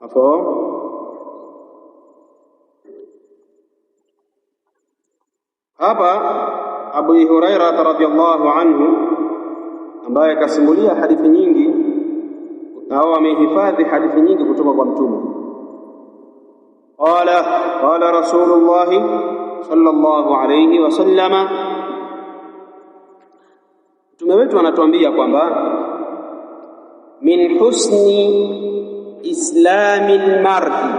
hapo hapa Abu hurairata radhiyallahu anhu ambaye akasimulia hadithi nyingi au amehifadhi hadithi nyingi kutoka kwa Mtume qala qala Rasulullahi sallallahu alayhi wasallama, Mtume wetu anatuambia kwamba min husni islami lmardhi,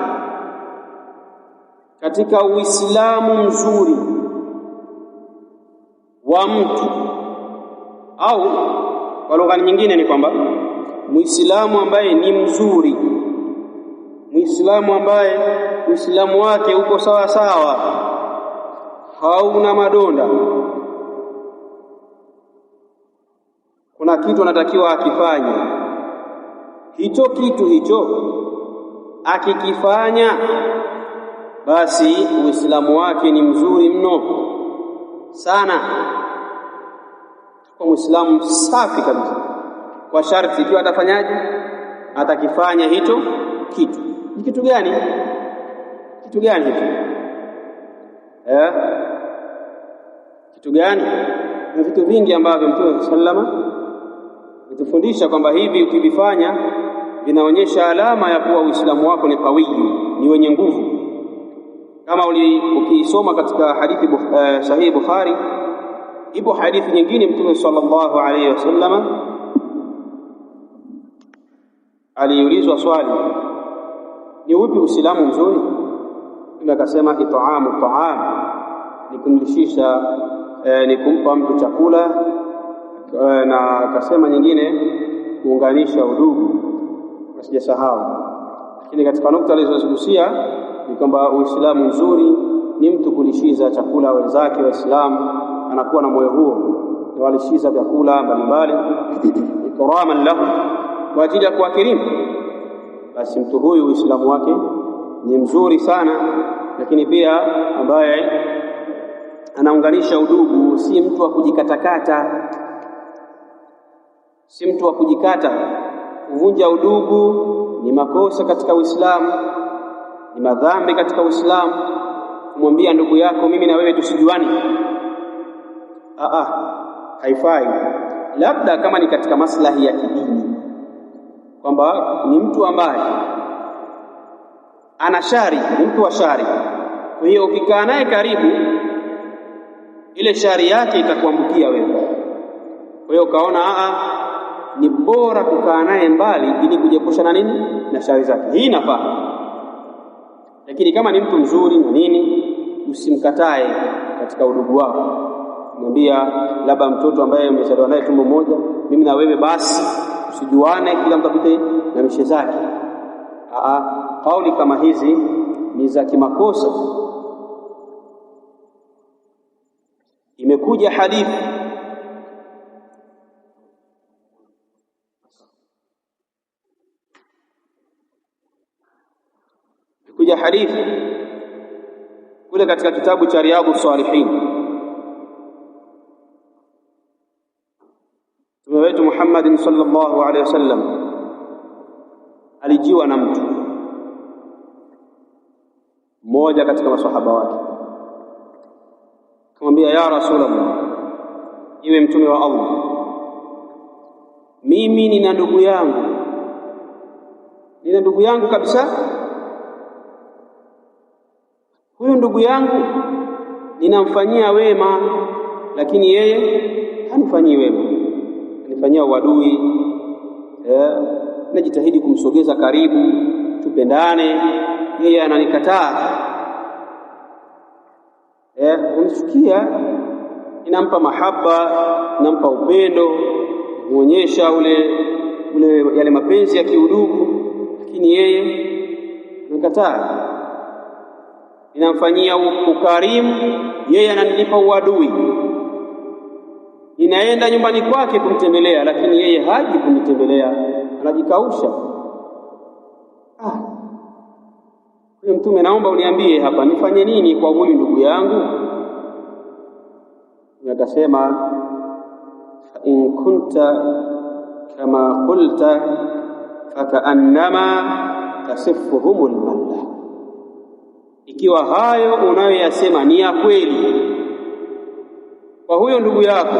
katika uislamu mzuri wa mtu, au kwa lugha nyingine ni kwamba muislamu ambaye ni mzuri, muislamu ambaye uislamu wake uko sawa sawa, hauna madonda kuna kitu anatakiwa akifanye hicho kitu hicho akikifanya, basi Uislamu wake ni mzuri mno sana, kwa Muislamu safi kabisa, kwa sharti ikiwa atafanyaje, atakifanya hicho kitu. Ni kitu gani? Kitu gani hicho eh? Kitu gani? Na vitu vingi ambavyo Mtume sallama alayhi kutufundisha kwamba hivi ukivifanya inaonyesha alama ya kuwa Uislamu wako ni kawiyu, ni wenye nguvu. Kama ukiisoma katika hadithi uh, eh, sahihi Bukhari, ipo hadithi nyingine Mtume sallallahu alayhi wasallama aliulizwa swali, ni upi Uislamu mzuri? Mtume akasema itaamu taam, ni kumlishisha eh, ni kumpa mtu chakula eh, na akasema nyingine kuunganisha udugu asijasahau. Lakini katika nukta alizozigusia ni kwamba Uislamu mzuri ni mtu kulishiza chakula wenzake Waislamu, anakuwa na moyo huo walishiza vyakula mbalimbali ikraman lahu, kwa ajili ya kuwakirimu. Basi mtu huyu Uislamu wake ni mzuri sana, lakini pia ambaye anaunganisha udugu, si mtu wa kujikatakata, si mtu wa kujikata kuvunja udugu ni makosa katika Uislamu, ni madhambi katika Uislamu. Kumwambia ndugu yako mimi na wewe tusijuani, a a, haifai, labda kama ni katika maslahi ya kidini, kwamba ni mtu ambaye ana shari, ni mtu wa shari. Kwa hiyo ukikaa naye karibu, ile shari yake itakuambukia wewe. Kwa hiyo ukaona a a ni bora kukaa naye mbali, ili kujiepusha na nini na shari zake. Hii inafaa, lakini kama ni mtu mzuri na nini, usimkatae katika udugu wako. Mwambia labda mtoto ambaye umezaliwa naye tumbo moja, mimi na wewe basi usijuane, kila mtu apite na mishe zake. Aa, kauli kama hizi ni za kimakosa. Imekuja hadithi kuja hadithi kule katika kitabu cha Riyadhu Salihin, mtume wetu Muhammadin sallallahu alaihi wasallam alijiwa na mtu mmoja katika maswahaba wake, akamwambia ya Rasulullah, iwe mtume wa Allah, mimi nina ndugu yangu, nina ndugu yangu kabisa ndugu yangu ninamfanyia wema, lakini yeye hanifanyii wema, anifanyia uadui. Eh, najitahidi kumsogeza karibu, tupendane, yeye ananikataa. Eh, Unasikia, ninampa mahaba, nampa upendo, muonyesha ule ule yale mapenzi ya kiudugu, lakini yeye anakataa inamfanyia ukarimu, yeye ananilipa uadui. inaenda nyumbani kwake kumtembelea, lakini yeye haji kunitembelea, anajikausha. Ah, Mtume, naomba uniambie hapa nifanye nini kwa huyu ndugu yangu? Akasema, in kunta kama qulta fakaannama tasifuhumul mallah ikiwa hayo unayoyasema ni ya kweli kwa huyo ndugu yako,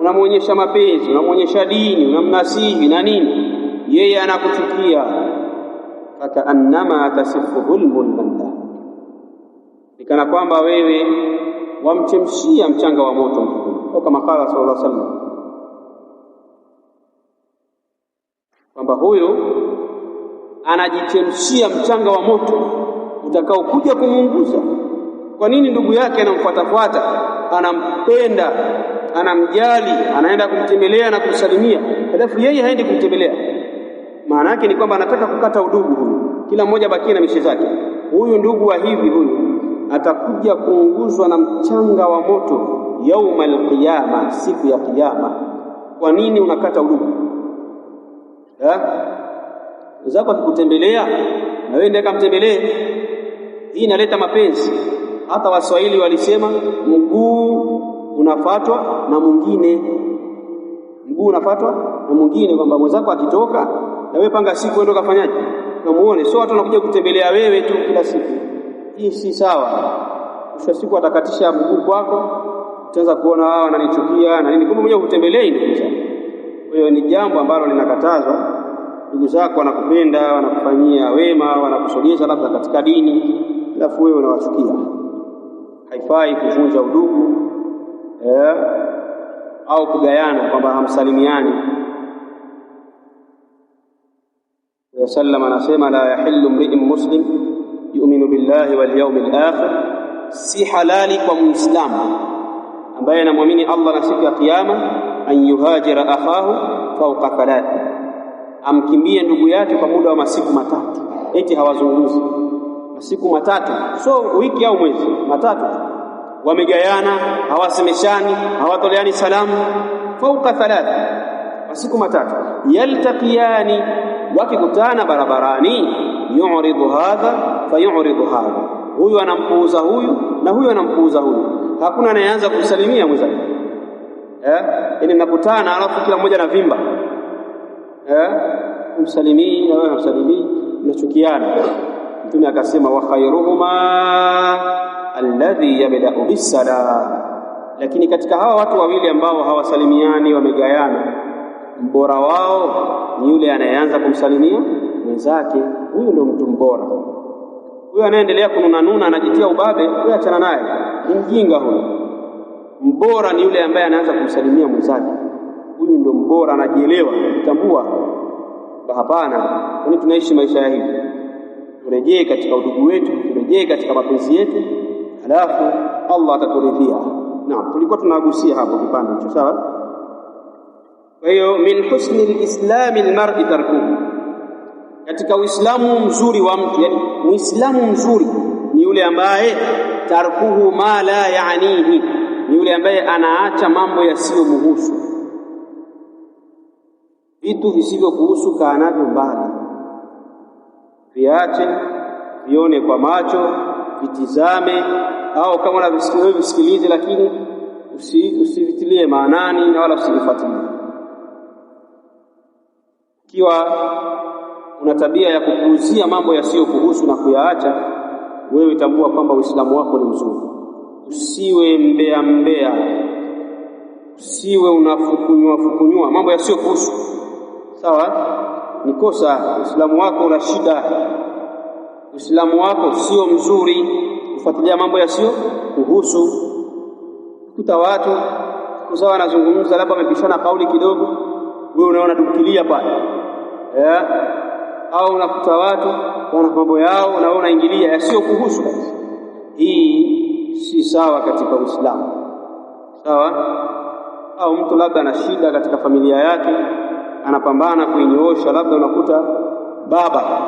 unamwonyesha mapenzi, unamwonyesha dini, unamnasihi na nini, yeye anakuchukia. Fakaannama tasifuhu lmulmanda, nikana kwamba wewe wamchemshia mchanga wa moto mtukufu, kama kala sallallahu alaihi wasallam kwamba huyo anajichemshia mchanga wa moto utakaokuja kumuunguza. Kwa nini ndugu yake anamfuatafuata, anampenda, anamjali, anaenda kumtembelea na kumsalimia, halafu yeye haendi kumtembelea? Maana yake ni kwamba anataka kukata udugu huyu, kila mmoja bakie na mishe zake. Huyu ndugu wa hivi huyu atakuja kuunguzwa na mchanga wa moto yaumal qiyama, siku ya Kiyama. Kwa nini unakata udugu eh? wenzako? Akikutembelea na wewe ndiye akamtembelee hii inaleta mapenzi. Hata Waswahili walisema mguu unafatwa na mwingine, mguu unafatwa na mwingine, kwamba mwenzako akitoka na wewe panga siku uende kafanyaje, ukamuone. Sio watu wanakuja kutembelea wewe tu kila siku, hii si sawa. Mwisho siku atakatisha mguu kwako, utaanza kuona wao ah, wananichukia na nini, kumbe mwenyewe hutembelei. Kwa hiyo ni jambo ambalo linakatazwa. Ndugu zako wanakupenda, wanakufanyia wema, wanakusogeza labda katika dini alafu wewe unawasikia. Haifai kuvunja udugu eh, au kugayana kwamba hamsalimiani. Wasallam anasema la yahillu mri'in muslim yu'minu billahi wal yawmil akhir, si halali kwa muislamu ambaye anamwamini Allah na siku ya Kiyama an yuhajira akhahu fawqa thalath, amkimbie ndugu yake kwa muda wa masiku matatu. Eti hawazungumzi masiku matatu, so wiki au mwezi matatu, wamegayana, hawasemeshani, hawatoleani salamu, fauka thalatha, masiku matatu, yaltaqiyani, wakikutana barabarani, yu'ridu hadha fayu'ridu hadha, huyu anampuuza huyu na huyu anampuuza huyu, hakuna anayeanza kumsalimia mwenzake eh, ili yaani nakutana, alafu kila mmoja vimba eh, msalimii na wewe unamsalimii, mnachukiana Mtume akasema wa khairuhuma alladhi yabdau bisalam, lakini katika hawa watu wawili ambao hawasalimiani wamegayana, mbora wao ni yule anayeanza kumsalimia mwenzake. Huyu ndio mtu mbora. Huyo anayeendelea kununanuna, anajitia ubabe, huyo achana naye, ni mjinga huyo. Mbora ni yule ambaye anaanza kumsalimia mwenzake, huyu ndio mbora, anajielewa, kutambua. Hapana, kwani tunaishi maisha ya hivi turejee katika udugu wetu, turejee katika mapenzi yetu, halafu Allah ataturidhia. Naam, tulikuwa tunagusia hapo kipande hicho, sawa. Kwa hiyo min husni lislami lmari tarkuhu, katika uislamu mzuri wa mtu, yani muislamu mzuri ni yule ambaye tarkuhu ma la yaanihi, ni yule ambaye anaacha mambo muhusu vitu visivyokuhusu kaanavyo mbali viache vione kwa macho, vitizame, au kama na visikilize visikilize, lakini usivitilie maanani na wala usivifuatilie. Ikiwa una tabia ya kupuuzia mambo yasiyokuhusu na kuyaacha, wewe tambua kwamba Uislamu wako ni mzuri. Usiwe mbea mbea, usiwe unafukunywa fukunywa mambo yasiyokuhusu, sawa ni kosa. Uislamu wako una shida, uislamu wako sio mzuri, kufuatilia mambo yasiyo kuhusu. Kuta watu kusawa, wanazungumza labda wamepishana kauli kidogo, wewe unaona dukilia pale yeah. au unakuta watu wana mambo yao na wewe unaingilia yasiyo kuhusu. Hii si sawa katika Uislamu, sawa. Au mtu labda ana shida katika familia yake anapambana kuinyoosha, labda unakuta baba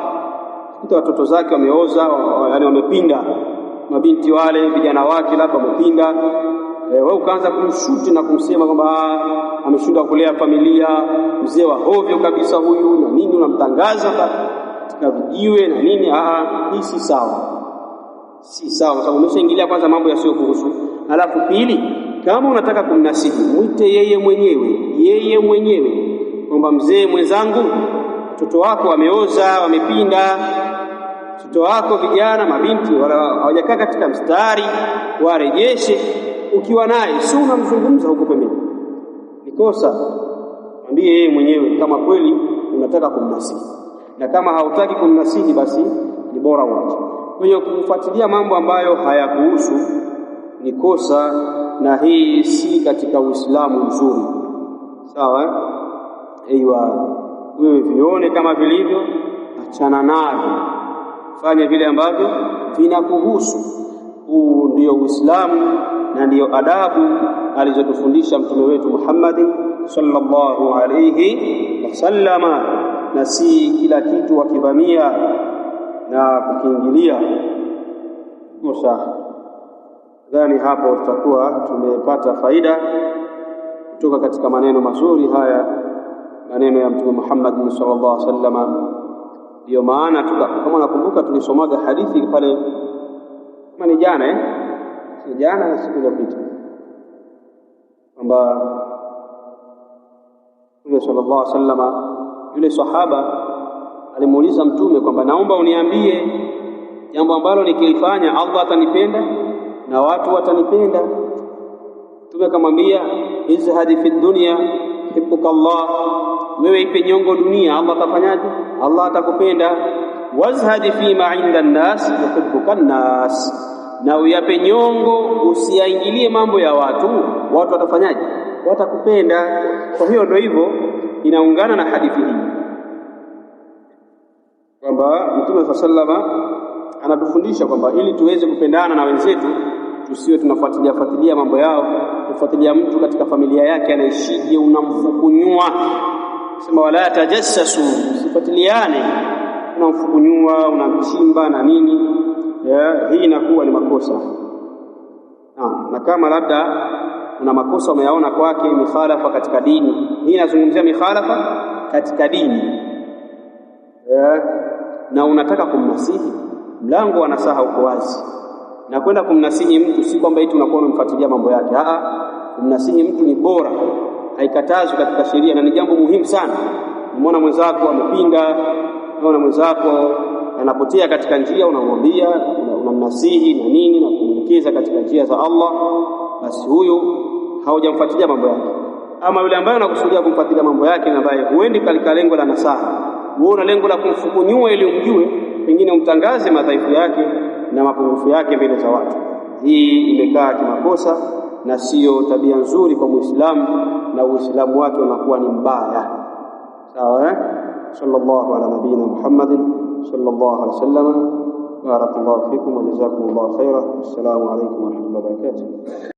kuta watoto zake wameoza, yani wamepinda, mabinti wale vijana wake labda wamepinda e, wewe ukaanza kumshuti na kumsema kwamba ah, ameshindwa kulea familia, mzee wa hovyo kabisa huyu na nini, unamtangaza katika vijiwe na nini. Ah, ah, hii si sawa, si sawa, kwa sababu umeshaingilia kwanza mambo yasiyokuhusu. Alafu pili, kama unataka kumnasihi mwite yeye mwenyewe, yeye mwenyewe kwamba mzee mwenzangu, watoto wako wameoza, wamepinda. Watoto wako vijana, mabinti, wala hawajakaa katika mstari, warejeshe. Ukiwa naye si unamzungumza huko pembeni, ni kosa. Mwambie yeye mwenyewe kama kweli unataka kumnasihi, na kama hautaki kumnasihi, basi ni bora uache. kwenye kufuatilia mambo ambayo hayakuhusu ni kosa, na hii si katika Uislamu mzuri, sawa eh? Eiwa, wewe vione kama vilivyo, achana navyo, fanya vile ambavyo vinakuhusu. Huu ndio Uislamu na ndiyo adabu alizotufundisha mtume wetu Muhammadi sallallahu alayhi wasallama, na si kila kitu wakivamia na kukiingilia musa dhani. Hapo tutakuwa tumepata faida kutoka katika maneno mazuri haya maneno ya Mtume Muhammad sallallahu alaihi wasallam. Ndiyo maana kama nakumbuka tulisomaga hadithi pale kama ni jana eh? si jana siku iliyopita kwamba Mtume sallallahu alaihi wasallam yule sahaba alimuuliza Mtume kwamba naomba uniambie jambo ambalo nikilifanya Allah atanipenda na watu watanipenda. Mtume akamwambia izhadi fi dunya yuhibbuka Allah wewe ipe nyongo dunia, Allah atafanyaje? Allah atakupenda. wazhadi fima inda nnas yuhibbuka nnas, na uyape nyongo, usiyaingilie mambo ya watu, watu watafanyaje? Watakupenda. Kwa hiyo ndio hivyo, inaungana na hadithi hii kwamba Mtume saa sallama anatufundisha kwamba ili tuweze kupendana na wenzetu tusiwe tunafuatilia fuatilia mambo yao, kufuatilia mtu katika familia yake anaishije, unamfukunyua sema wala tajassasu, sifatiliane, unamfukunyua unamchimba na nini, hii inakuwa ni makosa na, na kama labda una makosa umeyaona kwake, mikhalafa katika dini hii, inazungumzia mikhalafa katika dini yeah. na unataka kumnasihi, mlango wa nasaha uko wazi, na kwenda kumnasihi mtu si kwamba eti unakuwa unamfuatilia mambo yake. Aa, kumnasihi mtu ni bora haikatazwi katika sheria na ni jambo muhimu sana. Umeona mwenzako amepinga, umeona mwenzako anapotea katika njia, unamwambia unamnasihi na nini na kumwelekeza katika njia za Allah, basi huyu haujamfuatilia mambo yake. Ama yule ambaye anakusudia kumfuatilia mambo yake na ambaye huendi katika lengo la nasaha, wewe una lengo la kumfukunyua ili umjue, pengine umtangaze madhaifu yake na mapungufu yake mbele za watu, hii imekaa kimakosa. na sio tabia nzuri kwa Muislamu, na Uislamu wake unakuwa ni mbaya. Sawa eh? Sallallahu ala nabina Muhammadin sallallahu alaihi wasallam. Barakallahu fikum wa jazakumullahu khaira. Assalamu alaykum wa rahmatullahi wa barakatuh.